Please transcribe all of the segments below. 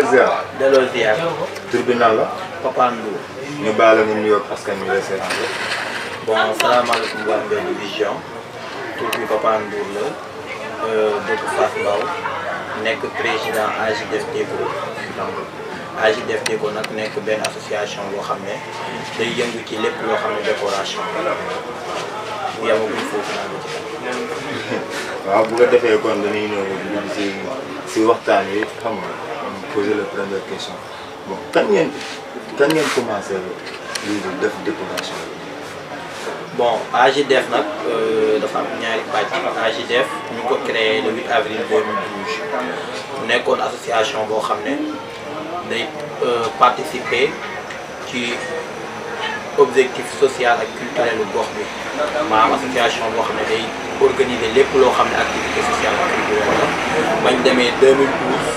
la ziar. delloo ziar. tur bi nan la. Papa Ndour. ñu baal la ñu parce que ñu lay seetaan bon salaamaaleykum waa Mbédé Vision tur bi Papa Ndour la euh, dëkk Fass Mbaw nekk président AJDFTECO donc AJDFTECO nag nekk benn association boo xam ne day yëngu ci lépp loo xam ne décoration bu waaw bu ko defee kon dañuy ñëw si waxtaan wi xam nga. poser la première question bon kan ngeen kan ngeen commencé lii def bon AGDF nag euh, dafa am créé le 8 avril 2012 école association une association qui a participer ci objectif social et culturel de bi maanaam association boo xam ne day organiser lépp loo xam activité sociale 2012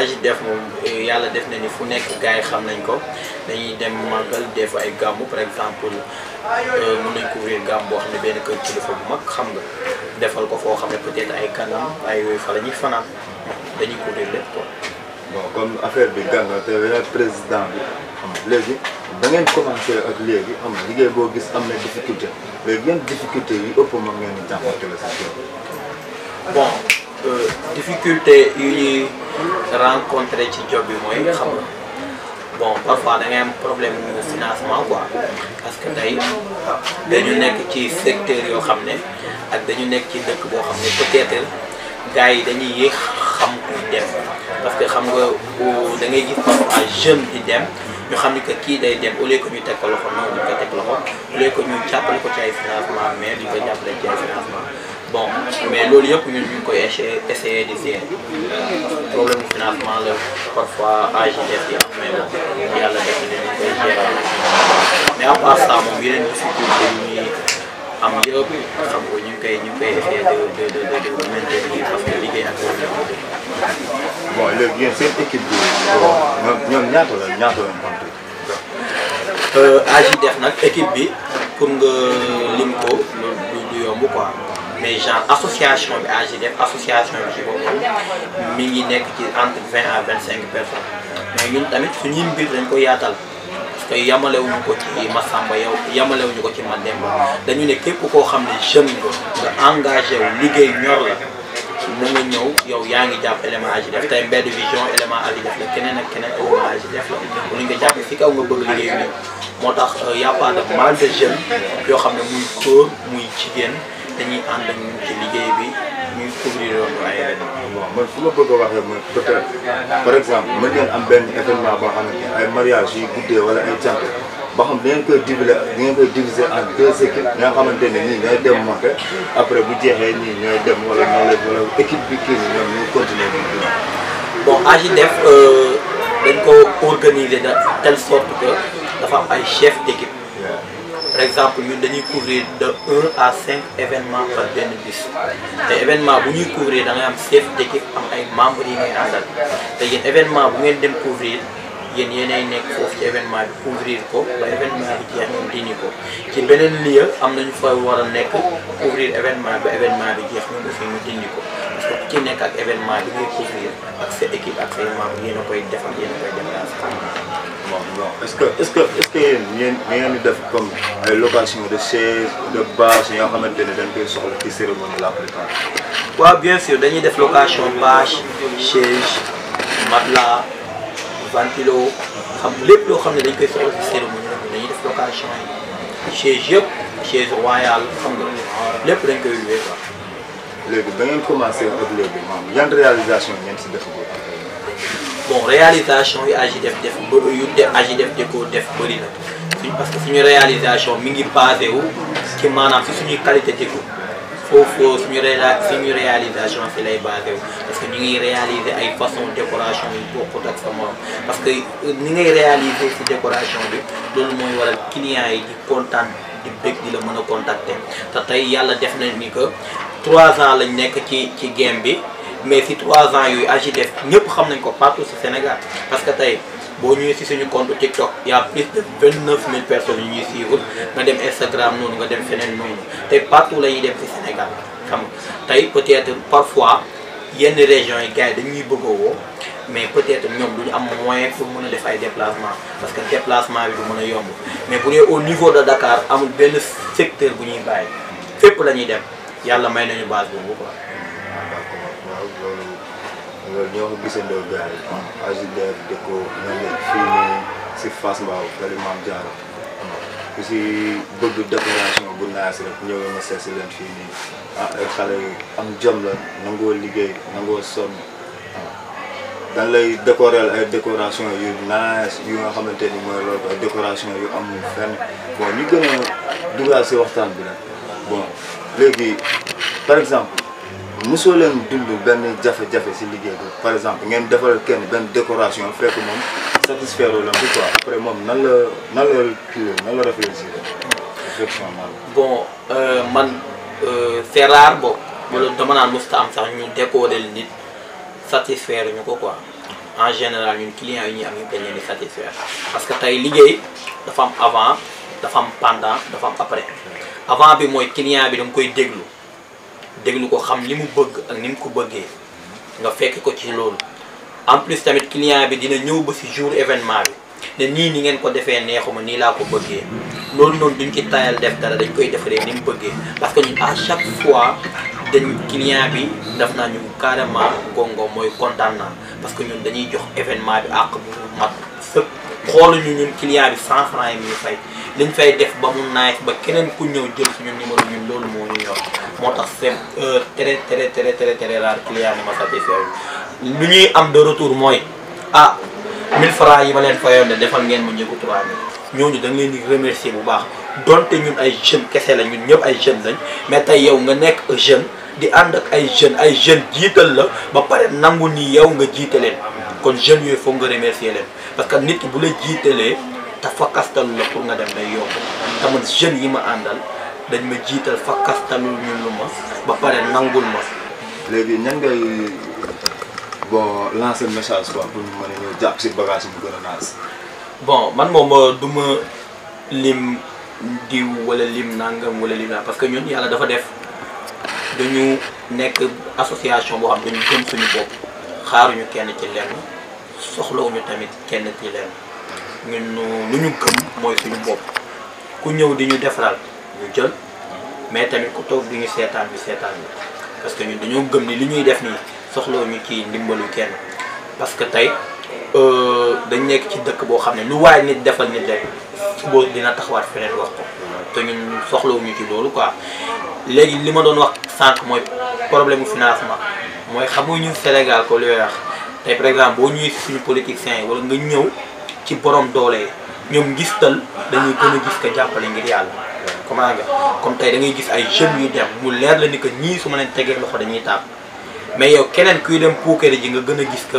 Il def mom eh, yalla def qui fu nek gaay ko dañuy dem def ay par exemple euh, mën nañ gambu ne xam nga defal ko fo xamné peut être ay kanam ay yoy fa bon comme affaire bi gànga le président bi xam léegi da ngeen commencé ak a am liggéey bo gis am na difficulté léegi yan difficulté yi ëpp bon. Euh, difficulté yu ñuy rencontré ci job bi mooy xam bon parfois da ngay am problème mu financement quoi parce que tey dañu nekk ci secteur yo xamné ak dañu nek ci dëkk bo xamné ne peut-être gars dañuy yéex xam ko dem parce que xam nga da ngay gis parfois jeune di dem ñu xamni que ki day dem au lieu que ñu teg ko loxo noonu ñu ko teg loxo au lieu que ñu jàppale ko ci ay financement mais di ko jappalé ci ay financement bon mais loolu yëpp ñun ñu ngi koy essayer essayer di seen problème mu la parfois AGF yi am mais bon yàlla def na ñu koy gérer am ñu ngi koy ñu ngi koy essayer de de de de maintenir parce que liggéey ak loolu bon léegi yéen seen équipe bi ñoom ñoom ñaata la ñaata la ñu AGF euh, nag équipe bi pour nga lim ko du yomb quoi. mais genre association bi def association bi ci boppam mi ngi nekk ci entre vingt à vingt cinq personnes mais ñun tamit suñuy mbir dañ ko yaatal parce que yamalewuñu ko ci ma Massamba yow yamalewuñu ko ci Mademba dañu ne képp koo xam ne jeune ko nga wu liggéey ñor la mu ñëw yow yaa ngi jàpp élément def tey mbedd vision élément AGDF la keneen ak keneen élément AGDF la bu ñu nga jàpp si kaw nga bëgg liggéey ñëw moo tax euh, y a pas de yoo xam ne muy góor muy jigéen dañuy ànd ak ci liggéey bi ñuy couvrir loolu ay bon man fu ma bëgg a waxee man peut être par exemple mën ngeen am benn événement boo xam ne ay mariage yu guddee wala ay cant ba xam da ngeen koy diviser da ngeen koy diviser en deux équipes xamante ne nii ñooy dem monté après bu jeexee nii ñooy dem wala ñoo la wala bi kii bi ñoom ñu continuer di di bon AJDF euh, dañ ko organiser de telle sorte que dafa ay chef d' Par exemple, nous devons couvrir de 1 à 5 événements par 2010. Les événements que nous couvrons dans le chef qui un membre de l'Union. Les événements que nous couvrons, yéen yéenay nekk foofu ci événement bi couvrir ko ba événement bi jeex ñun dindi ko ci beneen lieu am nañu fa war a nekk couvrir événement ba événement bi jeex ñun aussi ñu dindi ko parce que ci nekk ak événement bi ngay couvrir ak sa équipe ak say membres yéen a koy koy déplacé. bon bon est-ce que est-ce que est-ce que ngeen di def comme ay location de chaise de bâche yoo xamante ne dañ koy soxla ci cérémonie la prépa. waaw bien sûr dañuy def location bâche chaise matelas. ventilo xam lépp loo xam ne dañ koy soxla si cérémonie dañuy def location yi chaise yëpp chaise royale xam nga lépp dañ koy loué quoi. léegi ba ngeen commencé ak léegi maam yan réalisation ngeen si def bon réalisation yi AJDF def def yu de AJDF déco def bëri na suñ parce que suñu réalisation mi ngi basé wu ci maanaam si suñuy qualité déco foofu suñu réa suñu réalisation si lay basé parce que nous ngi réaliser ay façon décoration pour bokkut ak sa parce que euh, ni ngay réaliser cette décoration bi loolu mooy waral clients yi di content di bëgg de la mën contacter te tey yàlla def na ni que trois ans le nekk ci ci game bi mais si trois ans yooyu AJDF ñëpp xam nañ ko partout au Sénégal parce que tey boo ñëwee si suñu compte TikTok y' a plus de vingt neuf mille personnes yu ñuy suivre nga dem Instagram noonu nga dem feneen noonu te partout la ñuy dem si Sénégal xam nga tey peut-être parfois yenn régions yi gars dañuy bëgg a woo mais peut-être ñoom du ñu am moyen pour mën a def ay déplacement parce que déplacement bi du mën a yomb mais bu ne au niveau de Dakar amul benn secteur bu ñuy bàyyi fépp la ñuy dem yàlla may nañu base boobu quoi. Ah, loolu ñoo ko gisandoo gars yi. AJDF fii nii si Fass Mbao Kër Maam Diarra. ku si bëgg décoration bu naas rek ñëwee ma seet si leen fii nii ah ay xale yu am jom la nangoo liggéey nangoo sonn. dañ lay yu naas yu nga xamante ni mooy loolu ay yu am fenn bon ñu gën a si waxtaan bi nag bon léegi par exemple. mosoo leen dund benn jafé jafe si liggéey bi par exemple ngeen defal kenn ben décoration fekk mom satisfaire wu quoi après moom nan la nan la kii nan la réfléchir euh, man euh, c'est rare boobu wala dama naan mosta am sax ñu décorer nit satisfaire ñuko quoi en général ñun client yi ñuy am ñu dañ leen satisfaire parce que tay liggéey dafa am avant dafa am pendant dafa am après avant bi moy client bi da koy déglu déglu ko xam li mu bëgg ak ni mu ko bëggee nga fekk ko ci loolu en plus tamit client bi dina ñëw ba si jour événement bi ne nii ni ngeen ko defee neexuma nii laa ko bëggee loolu noonu duñ ci tayal def dara dañ koy defaree ni mu bëggee parce que ñun à chaque fois dañ client bi daf naa ñu carrément Gongo mooy kontaan naa parce que ñun dañuy jox événement bi àq bu mat sëpp xooluñu ñun client bi cent franc yi ñuy fay liñ fay def ba mu naaj ba keneen ku ñëw jël suñu numéro ñun loolu moo ñu yor moo tax c'est très très très très très rare client bi ma satisfaire lu ñuy am de retour mooy ah 1000 franc yi ma leen fayoon de defal ngeen ma njëgu 3000. ñooñu da nga leen di remercier bu baax donte ñun ay jeunes kese la ñun ñëpp ay jeunes lañ mais tey yow nga nekk jeune di ànd ak ay jeunes ay jeunes jiital la ba pare nangu ni yow nga jiitalee leen kon jeunes yooyu foog nga remercier leen parce que nit ki bu la jiitalee te fakkastalu la pour nga dem day yomb te man jeunes yi ma àndal dañ ma jiital fakkastalu ñu lu ma ba pare nangul ma. léegi ñan ngay bon lancer message quoi pour ñu mën a ñëw jàpp si bagage bu gën si bon man moom euh, du ma lim diw wala lim nangam wala lim parce que ñun yàlla dafa def dañu nekk association boo xam dañu gëm suñu bopp xaaruñu kenn ci lenn soxlawuñu tamit kenn ci lenn ñun lu ñu gëm mooy suñu bopp ku ñëw di ñu defaral ñu jël mais tamit ku toog di ñu seetaan bi seetaan bi parce que ñun dañoo gëm ni li ñuy def nii soxlawuñu ci ndimbalu kenn parce tey. Euh, dañ nekk ci dëkk boo xam ne lu waaye nit defal nit su suba dina taxawaat feneen wax ko te ñun soxlawuñu ci loolu quoi léegi li ma doon wax sànq mooy problème mu financement mooy xamuñu Sénégal ko li may wax tey par exemple boo ñuy si suñu politiciens yi wala nga ñëw ci borom doole ñoom gis tal dañuy gën a gis ko jàppale ngir yàlla. comment nga comme tey da ngay gis ay jeunes yu dem mu leer la ni ko ñii su ma leen tegee loxo dañuy tàmm mais yow nga gën a gis que.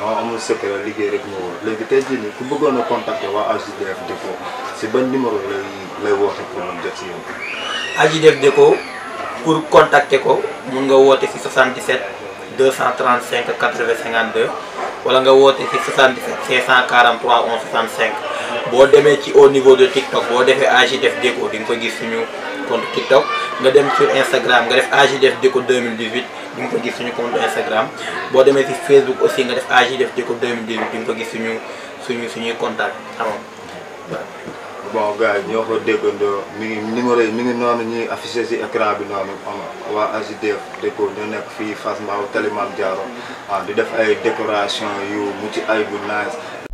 waaw amul secret liggéey rek moo wóor léegi tey jii nii ku bëggoon a contacter waa AJDF ko si ban numéro lay lay woote pour mu jot si yow. de ko pour contacter ko mun nga woote si 77 235 80 52 wala nga woote si 77 on 11 cinq boo demee ci au niveau de TikTok boo defee AJDF Déco di nga ko gis suñu compte TikTok nga dem sur Instagram nga def AJDF Déco 2018. di nga ko gis suñu compte Instagram boo demee si Facebook aussi nga def AJ Def Jikko 2018 di nga ko gis suñu suñu suñuy contact xam ah nga bon gars yi ñoo ko déggandoo mi ngi numéro yi mi ngi noonu ñuy affiché si écran bi noonu am waa AJ Def Jikko nekk fii Fass Mbao Tali Mame Diarra ah, di def ay décoration yu mucc ay bu nice